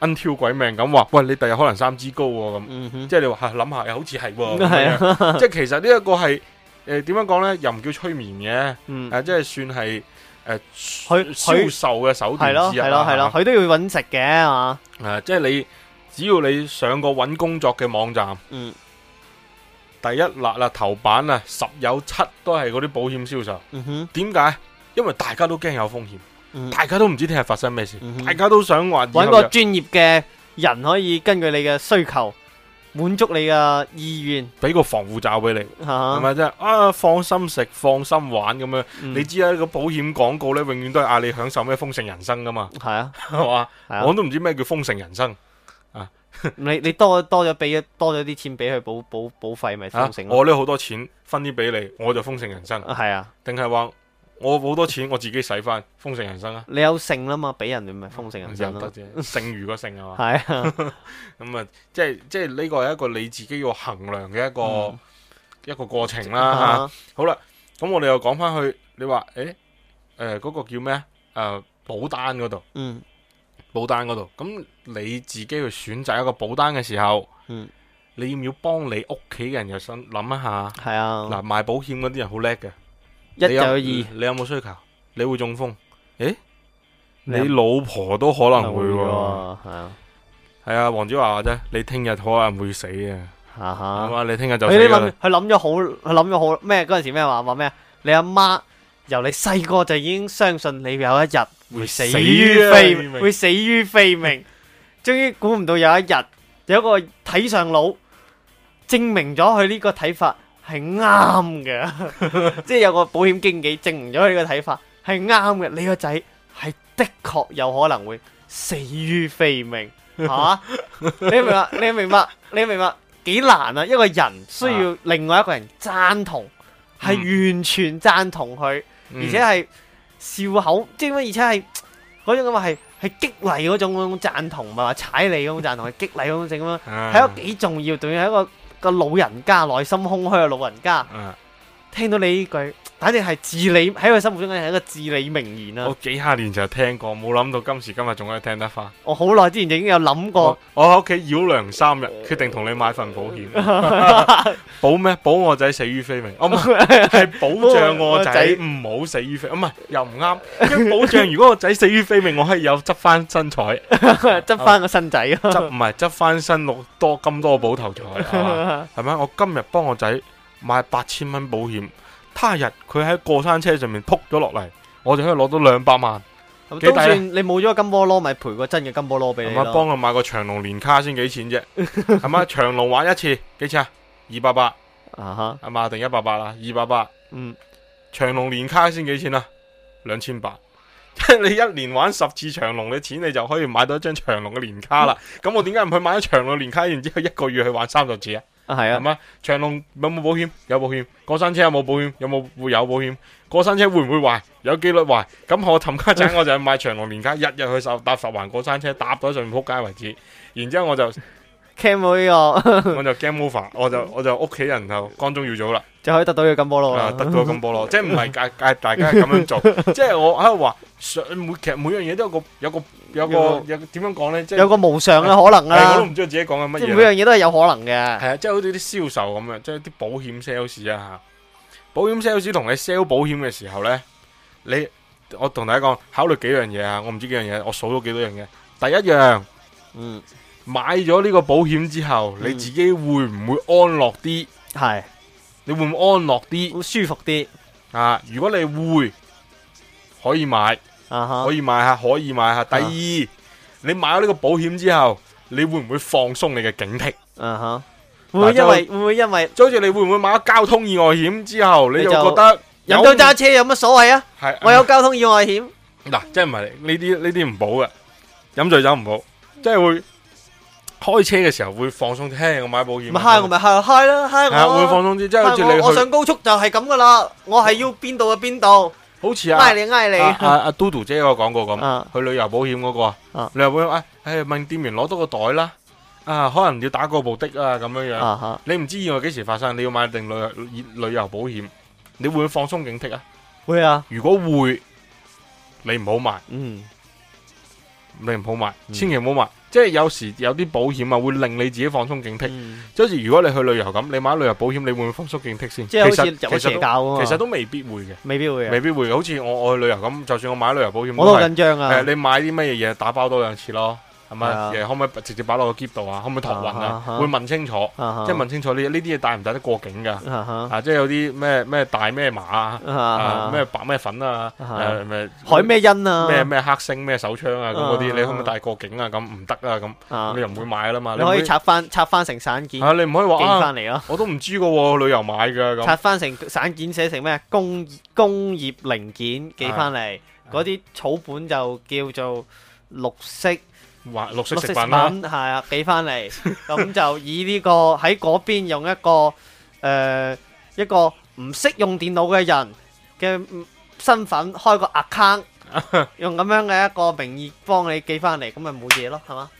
S1: n 挑鬼命咁話，喂你第日可能三支高喎咁，即係你話吓諗下，又好似係，即係、就是、其實、呃、呢一個係點樣講呢又唔叫催眠嘅，即、嗯、係、呃就是、算係誒銷售嘅手段之一係啦，佢、啊、都要搵食嘅啊，誒即係你只要你上個搵工作嘅網站，嗯、第一列啦頭版啊十有七都係嗰啲保險銷售，點、嗯、解？因為大家都驚有風險。嗯、大家都唔知聽日發生咩事、嗯，大家都想話搵個專業嘅人可以根據你嘅需求滿足你嘅意願，俾個防護罩俾你，係咪，啊，放心食，放心玩咁樣、嗯，你知啦、啊，呢個保險廣告呢，永遠都係嗌你享受咩豐盛人生噶嘛，係啊， 啊，我都唔知咩叫豐盛人生你、啊、 你多多咗俾多咗啲錢俾佢保保保費，咪豐盛、啊？我呢好多錢分啲俾你，我就豐盛人生，係啊，定係話？我好多錢，我自己使翻，豐盛人生啊！你
S2: 有剩啦嘛，俾人哋咪豐盛人生啫，剩餘個剩啊嘛？係 是啊，咁 啊、即
S1: 係，即係即係呢個係一個你自己要衡量嘅一個、嗯、一個過程啦。吓、啊，好啦，咁我哋又講翻去，你話誒，誒、欸、嗰、呃嗰個叫咩？誒、呃，保單嗰度，嗯，保單嗰度，咁你自己去選擇一個保單嘅時候，嗯，你要唔要幫你屋企人又想諗一下？係啊，嗱，賣保險嗰啲人好叻嘅。一有，有二,二，你有冇需求？你會中風？誒、欸，你老婆都可能會喎。係啊，係啊，黃子華話啫，你聽日可能會死嘅。哇、uh -huh. 啊，你聽日就死啦！
S2: 佢諗咗好，佢諗咗好咩？嗰陣時咩話話咩？你阿媽由你細個就已經相信你有一日
S1: 會
S4: 死於非，會
S2: 死於、啊、非命。終於估唔到有一日有一個睇上腦，證明咗佢呢個睇法。係啱嘅，即係有個保險經紀證明咗你嘅睇法係啱嘅。你個仔係的確有可能會死於非命，吓、啊？ 你明白嗎？你明白嗎？你明白？幾難啊！一個人需要另外一個人贊同，係、嗯、完全贊同佢，而且係笑口，即係乜？而且係嗰種咁話係係激勵嗰種贊同，唔係話踩你嗰種贊同，係激勵嗰種咁咯。係一個幾重要，仲要係一個。個老人家內心空虛嘅老人家，聽到你呢句。反正係自理
S1: 喺佢心目中咧，係一個自理名言啊！我幾下年就聽過，冇諗到今時今日仲可以聽得翻。我好耐之前就已經有諗過我，我喺屋企繞樑三日，決定同你買份保險，啊， 保咩？保我仔死於非命，唔 係，哦、保障我仔唔好死於非，唔 係又唔啱。保障如果我仔死於非命，我可以有執翻身材，執 翻個新仔，啊。執唔係執翻新六多咁多保頭彩，係咪？ 我今日幫我仔買八千蚊保險。他日佢喺過山車上面撲咗落嚟，我就可以攞到兩百萬。都算你冇咗金波囉，咪賠個真嘅金
S2: 波囉俾你。咁啊，幫
S1: 佢買個長隆年卡先幾錢啫？係 咪長隆玩一次幾錢啊？二百八啊哈，係咪定一百八啦二百八。20000. 嗯，長隆年卡先幾錢啊？兩千八。你一年玩十次長隆，你錢你就可以買到一張長隆嘅年卡啦。咁 我點解唔去買咗長隆年卡，然之後一個月去玩三十次啊？係啊，係嘛？長隆有冇保險？有保險。過山車有冇保險？有冇會有保險？過山車會唔會壞？有幾率壞。咁我冚家仔我就去買長隆年卡，日日去搭十環過山車，搭到上面仆街為止。然之後我就驚妹我，我 game over 我就我就屋企人就光宗耀祖啦，就可以得到嘅金波蘿。得到金波蘿，即係唔係介介大家咁樣做，即係我喺度話，每其實每樣嘢都有個有個。有個有點樣講咧，即有個無常嘅可能啦、啊啊。我都唔知道自己講緊乜嘢。每樣嘢都係有可能嘅。係啊，即係好似啲銷售咁樣，即係啲保險 sales 啊，吓，保險 sales 同你 sell 保險嘅時候呢，你我同大家講，考慮幾樣嘢啊，我唔知幾樣嘢，我數咗幾多樣嘢。第一樣，嗯，買咗呢個保險之後，嗯，你自己會唔會安樂啲？係，你會唔會安樂啲？會舒服啲啊？如果你會，可以買。Uh -huh. 可以買下，可以買下。第二，uh -huh. 你買咗呢個保險之後，你會唔會放鬆你嘅警惕、uh -huh. nah, 會就是？會因為會唔會因為？再、就、住、是、你會唔會買咗交通意外險之後，你就，你就覺得飲酒揸車有乜所謂啊？我有交通意外險。嗱、uh -huh. nah，即係唔係呢啲呢啲唔保嘅，飲醉酒唔保，即係、就是、會開車嘅時候會放鬆聽、哎、我買保險。我咪 high 我。會放鬆啲即係好似你我上
S2: 高速就係咁噶啦，我係要邊度就邊度。好似啊，阿
S1: 阿嘟嘟姐有講過咁、uh,，去旅遊保險嗰，那個，你又會誒問店員攞多個袋啦，啊可能要打個部的啊咁樣樣，uh, uh, 你唔知意外幾時發生，你要買定旅遊旅遊保險，你會唔會放鬆警惕啊？會啊，如果會，你唔好買，嗯，你唔好買，千祈唔好買。嗯即係有時有啲保險啊，會令你自己放鬆警惕。嗯、即係好似如果你去旅遊咁，你買旅遊保險，你會唔會放鬆警惕先？即係好似入咗邪教啊！其，其，其實都未必會嘅，未必會、啊，未必會好似我我去旅遊咁，就算我買旅遊保險，我都好緊張啊、欸！你買啲乜嘢嘢打包多兩次咯～係咪、啊？可唔可以直接擺落個篋度啊？可唔可以託運啊？會問清楚，即係問清楚呢？呢啲嘢帶唔帶得過境㗎？啊，即係有啲咩咩大咩麻啊，咩白咩粉啊，咩海咩因啊，咩、啊、咩、啊啊啊啊啊啊、黑星咩手槍啊咁嗰啲，你可唔可以帶過境啊？咁唔得啊，咁、啊、你又唔會買啦嘛。你，你可以拆翻
S2: 拆翻成散件、啊，你唔可以話寄翻嚟啊？
S1: 我都唔知嘅喎、啊，旅遊買嘅咁。拆翻
S2: 成散件，寫成咩工工業零件寄翻嚟，嗰、啊、啲草本就叫做綠色。哇！綠色食品係啊，寄翻嚟咁就以呢個喺嗰邊用一個誒一個唔識用電腦嘅人嘅身份開個 account，用咁樣嘅一個名義幫你寄翻嚟，咁咪冇嘢咯，係嘛？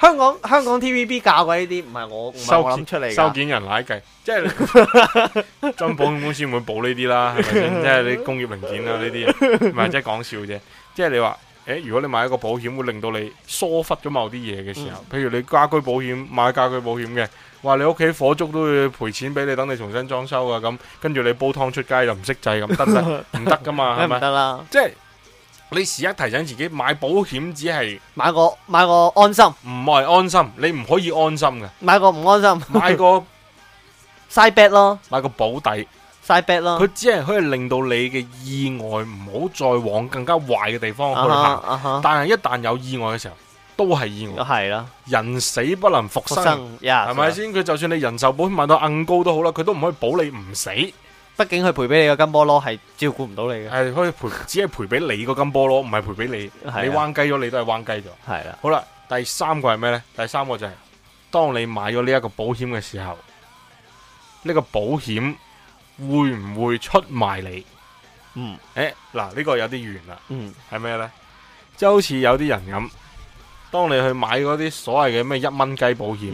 S2: 香港香港 TVB 教過呢啲，唔係我收諗出嚟，收件人奶計，即係
S1: 將保險公司唔會保呢啲啦，係咪先？即係你工業文件啊，呢啲唔係即係講笑啫，即係你話。誒、欸，如果你買一個保險會令到你疏忽咗某啲嘢嘅時候，譬如你家居保險買家居保險嘅，話你屋企火燭都要賠錢俾你，等你重新裝修行行 啊，咁跟住你煲湯出街又唔識制咁，得唔得？唔得噶嘛，係咪？得啦，即係你時一提醒自己買保險只係買個買個安心，唔係安心，你唔可以安心嘅，
S2: 買個唔安心，買個嘥筆咯，
S1: 買個保底。佢只係可以令到你嘅意外唔好再往更加壞嘅地方去行，uh -huh, uh -huh，但係一旦有意外嘅時候，都係意外，係咯，人死不能復生，係咪先？佢，yeah, 就算你人壽保險買到硬高好都好啦，佢都唔可以保你唔死，畢竟佢賠俾你嘅金菠蘿係照顧唔到你嘅，係可以賠，只係賠俾你個金菠蘿，唔係賠俾你，你彎雞咗，你都係彎雞咗，係啦。好啦，第三個係咩呢？第三個就係、係、當你買咗呢一個保險嘅時候，呢、呢個保險。會唔會出賣你？
S3: 嗯，
S1: 誒、欸，嗱呢、呢個有啲懸啦。嗯，係咩呢？即係好似有啲人咁，當你去買嗰啲所謂嘅咩一蚊雞保險，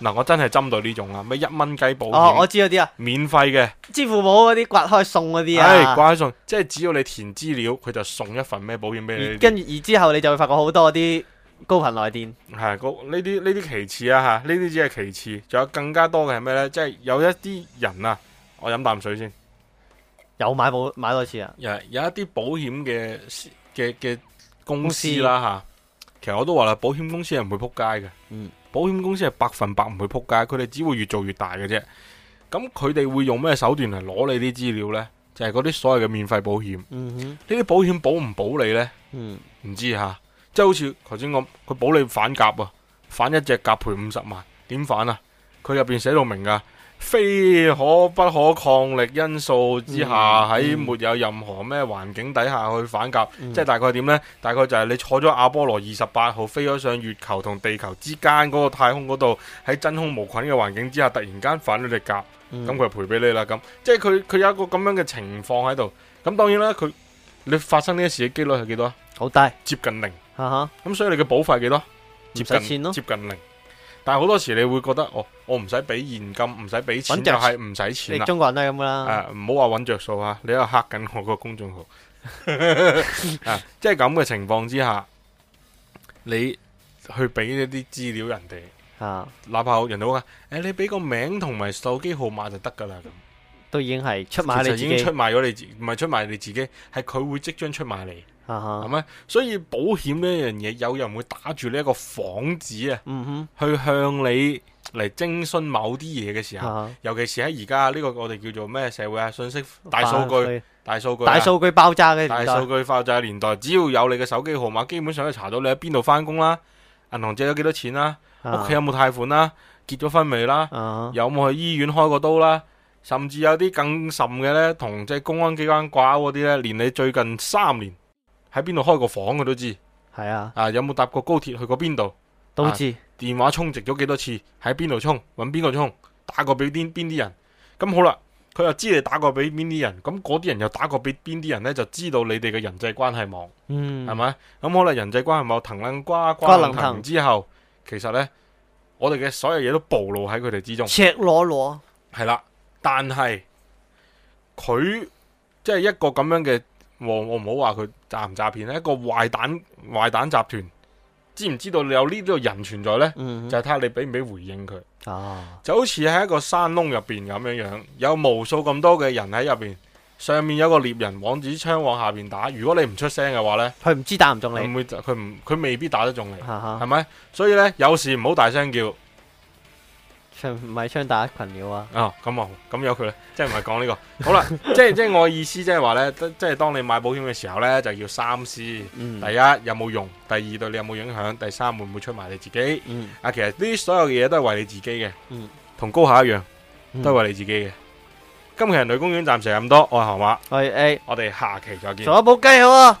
S1: 嗱、嗯、我真係針對呢種啊，咩一蚊雞保險，哦？我知道啲啊，免費嘅，支付
S2: 寶嗰啲刮開送嗰啲啊，刮開送，
S1: 即係只要你填資料，佢就送一份咩保險俾你。跟住而之後，你就會發覺好多啲高頻來電。係、啊，呢啲呢啲其次啊吓，呢啲只係其次，仲有更加多嘅係咩呢？即、就、係、是、有一啲人啊。我飲啖水先。有買保買多一次啊，有，有一啲保險嘅嘅嘅公司啦吓，其實我都話啦，保險公司係唔會扑街嘅。嗯，保險公司係百分百唔會扑街，佢哋只會越做越大嘅啫。咁佢哋會用咩手段嚟攞你啲資料呢？就係嗰啲所謂嘅免費保險。呢、嗯、啲保險保唔保你呢？唔、嗯、知吓，即係好似頭先咁，佢保你反甲啊，反一隻甲賠五十萬，點反啊？佢入邊寫到明噶。非可不可抗力因素之下，喺、嗯嗯、沒有任何咩環境底下去反甲，即、嗯、係、就是、大概點呢？大概就係你坐咗阿波羅二十八號飛咗上月球同地球之間嗰個太空嗰度，喺真空無菌嘅環境之下，突然間反咗隻甲，咁、嗯、佢就賠俾你啦。咁即係佢佢有一個咁樣嘅情況喺度。咁當然啦，佢你發生呢一事嘅幾率係幾多？好低，接近零。吓吓、uh-huh、咁所以你嘅保費幾多？接近接近零。但係好多時你會覺得哦，我唔使俾現金，唔使俾錢，就係唔使錢。你中國人都係咁啦。唔好話揾着數啊！你喺度黑緊我個公眾號
S2: 啊！
S1: 即係咁嘅情況之下，你去俾一啲資料人哋啊，哪怕人哋都話，誒、哎，你俾個名同埋手機號碼就得噶啦，咁都已經係出賣你，已經出賣咗你，唔係出賣你自己，係佢會即將出賣你。係、咪？uh-huh。所以保險呢樣嘢，有人會打住呢一個幌子啊，uh -huh. 去向你嚟徵詢某啲嘢嘅時候，uh -huh. 尤其是喺而家呢個我哋叫做咩社會啊，信息大數據、uh -huh. 大數據、啊、大數據爆炸嘅年代，大數據爆炸年代，只要有你嘅手機號碼，基本上可以查到你喺邊度翻工啦，銀行借咗幾多錢啦、啊，屋、企 uh-huh. 有冇貸款啦、啊，結咗婚未啦，uh -huh. 有冇去醫院開過刀啦、啊，甚至有啲更甚嘅呢，同即係公安機關掛鈎嗰啲呢，連你最近三年，喺邊度開過房佢都知，係啊，啊有冇搭過高鐵去過邊度都知。啊，電話充值咗幾多次，喺邊度充，搵邊個充，打過俾邊邊啲人。咁好啦，佢又知你打過俾邊啲人，咁嗰啲人又打過俾邊啲人呢？就知道你哋嘅人際關係網。嗯，係咪？咁可能人際關係網藤捻瓜瓜捻藤之後，其實呢，我哋嘅所有嘢都暴露喺佢哋之中。赤裸裸，係啦，但係佢即係一個咁樣嘅。我唔好話佢詐唔詐騙咧，一個壞蛋壞蛋集團，知唔知道你有呢啲人存在呢？嗯、就係睇下你俾唔俾回應佢、啊。就好似喺一個山窿入邊咁樣樣，有無數咁多嘅人喺入邊，上面有個獵人，自己槍往下邊打。如果你唔出聲嘅話呢，佢唔知打唔中你，唔會、佢唔佢未必打得中你，係咪？所以呢，有時唔好大聲叫。唔係槍打群鳥啊！哦，咁啊，咁有佢咧， 即係唔係講呢個，好啦，即係即係我意思，即係話咧，即係當你買保險嘅時候咧，就要三思。嗯、第一，有冇用？第二，對你有冇影響？第三，會唔會出賣你自己、嗯？啊，其實呢啲所有嘅嘢都係為你自己嘅，同、嗯、高考一樣，嗯、都係為你自己嘅。今期人類公園暫時係咁多愛、哎哎，我係何馬，我哋下期再見，一部
S2: 雞好啊！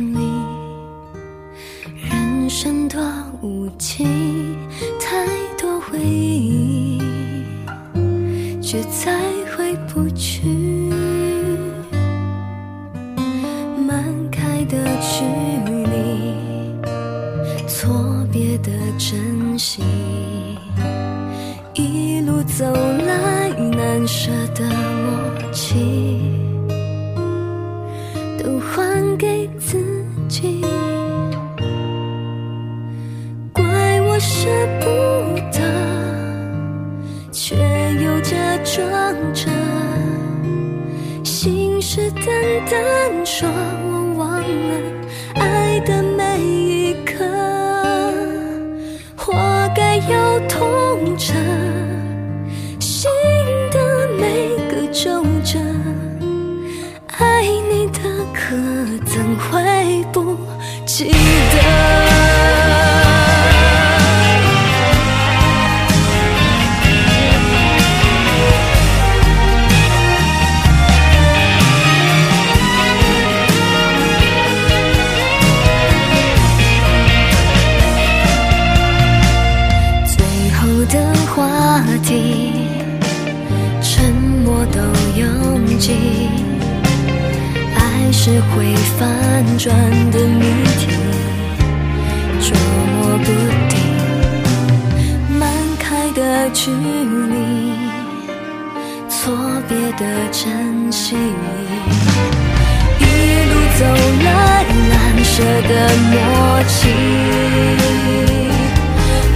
S3: 裡，人生多無稽，太多回憶，卻在。的距離，錯別的珍惜，一路走來，難捨的默契，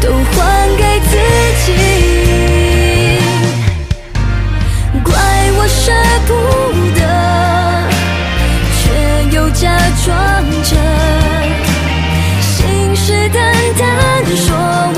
S3: 都還給自己。怪我捨不得，却又假裝着，信誓旦旦說。